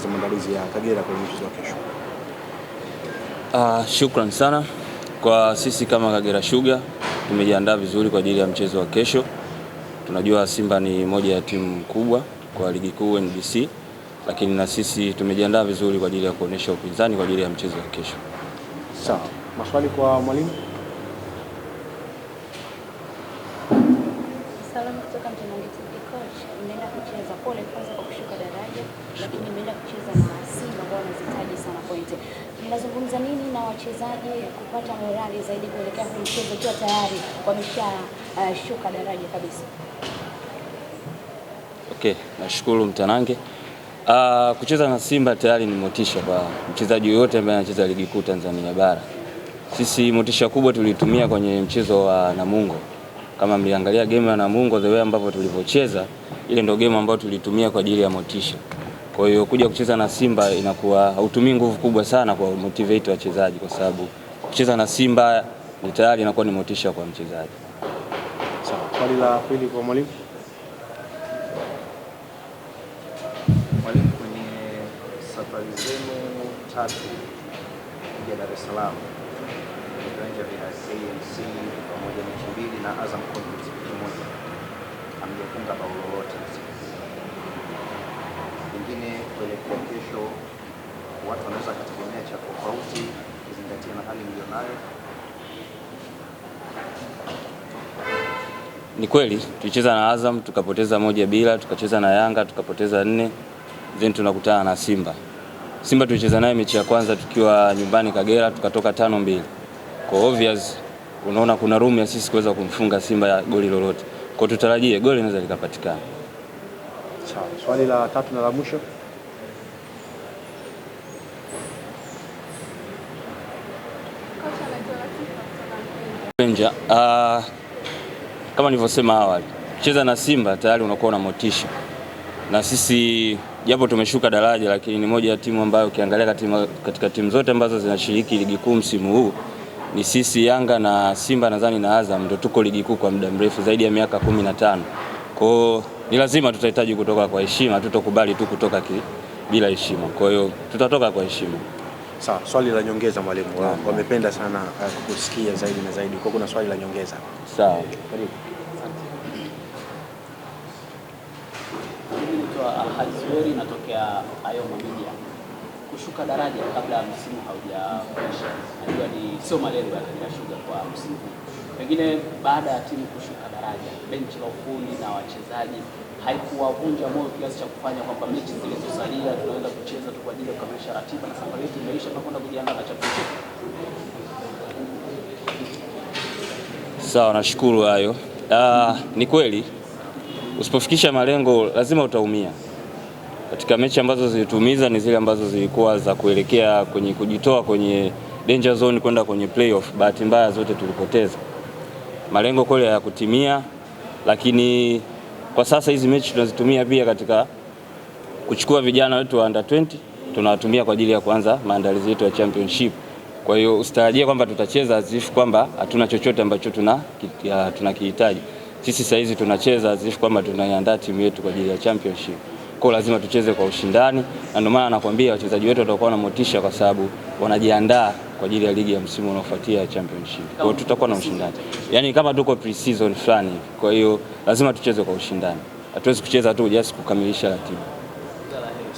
kuendeleza maandalizi ya Kagera kwenye mchezo wa kesho. Uh, shukran sana kwa sisi kama Kagera Sugar tumejiandaa vizuri kwa ajili ya mchezo wa kesho. Tunajua Simba ni moja ya timu kubwa kwa ligi kuu NBC, lakini na sisi tumejiandaa vizuri kwa ajili ya kuonesha upinzani kwa ajili ya mchezo wa kesho. Sawa, maswali kwa mwalimu. Salamu kutoka Mtandao. Coach, kucheza pole kwanza kwa kushuka daraja, lakini kucheza na Simba ambao sana pointi. nini na wachezaji kupata morali zaidi kuelekea kwenye mchezo ukiwa tayari wameshashuka uh, daraja kabisa? Okay, nashukuru Mtanange. Uh, kucheza na Simba tayari ni motisha kwa mchezaji yoyote ambaye anacheza ligi kuu Tanzania bara. Sisi motisha kubwa tulitumia kwenye mchezo wa Namungo. Kama mliangalia game ya Namungo the way ambavyo tulivyocheza, ile ndio game ambayo tulitumia kwa ajili ya motisha. Kwa hiyo kuja kucheza na Simba inakuwa hautumii nguvu kubwa sana kwa motivate wachezaji, kwa sababu kucheza na Simba ni tayari inakuwa ni motisha kwa mchezaji. Sawa, swali la pili kwa mwalimu. Mwalimu, kwenye safari zenu tatu kuja Dar es Salaam Viwanja vya KMC pamoja mechi mbili na Azam Complex moja, bao lolote. Pengine kuelekea kesho, watu wanaweza kutegemea cha tofauti na hali mlionayo. Ni kweli tulicheza na Azam tukapoteza moja bila, tukacheza na Yanga tukapoteza nne, then tunakutana na Simba. Simba tulicheza naye mechi ya kwanza tukiwa nyumbani Kagera, tukatoka tano mbili kwa obvious, unaona kuna room ya sisi kuweza kumfunga Simba ya goli lolote, kwa tutarajie goli linaweza likapatikana. swali la tatu na la mwisho. Benja, uh, kama nilivyosema awali, cheza na Simba tayari unakuwa na motisha, na sisi japo tumeshuka daraja, lakini ni moja ya timu ambayo ukiangalia katika timu zote ambazo zinashiriki ligi kuu msimu huu ni sisi Yanga na Simba nadhani na Azam ndio tuko ligi kuu kwa muda mrefu zaidi ya miaka kumi na tano. Kwa hiyo ni lazima tutahitaji kutoka kwa heshima, tutokubali tu kutoka ki, bila heshima. Kwa hiyo tutatoka kwa heshima. Sawa, swali la nyongeza mwalimu. Wamependa sana uh, kusikia zaidi na zaidi. Kwa kuna swali la nyongeza. Sawa. Karibu. Mimi natokea Ayoma Media kushuka daraja kabla msimu haujaisha. Najua ni sio malengo ya Tanzania Sugar kwa msimu huu, pengine baada ya timu kushuka daraja, benchi la ufundi na wachezaji haikuwavunja moyo kiasi cha kufanya kwamba mechi zilizosalia tunaweza kucheza tu kwa ajili ya kukamilisha ratiba na safari yetu imeisha, tunakwenda kujiandaa na chapati. Sawa, nashukuru hayo. Uh, ni kweli usipofikisha malengo lazima utaumia. Katika mechi ambazo zilitumiza ni zile ambazo zilikuwa za kuelekea kwenye kujitoa kwenye danger zone kwenda kwenye playoff. Bahati mbaya zote tulipoteza, malengo kweli hayakutimia, lakini kwa sasa hizi mechi tunazitumia pia katika kuchukua vijana wetu wa under 20 tunawatumia kwa ajili ya kuanza maandalizi yetu ya championship. Kwa hiyo usitarajie kwamba tutacheza azifu kwamba hatuna chochote ambacho tunakihitaji. Tuna sisi saizi tunacheza azifu kwamba tunaiandaa timu yetu kwa ajili ya championship kwa lazima tucheze kwa ushindani, na ndio maana nakwambia wachezaji wetu watakuwa na motisha, kwa sababu wanajiandaa kwa ajili ya ligi ya msimu unaofuatia ya championship. Kwa hiyo tutakuwa na ushindani, yaani kama tuko pre-season fulani. Kwa hiyo lazima tucheze kwa ushindani, hatuwezi kucheza tu just kukamilisha ratiba.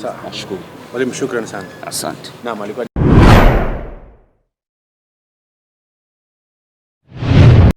Sawa, nashukuru mwalimu, shukrani sana, asante. Naam, alikuwa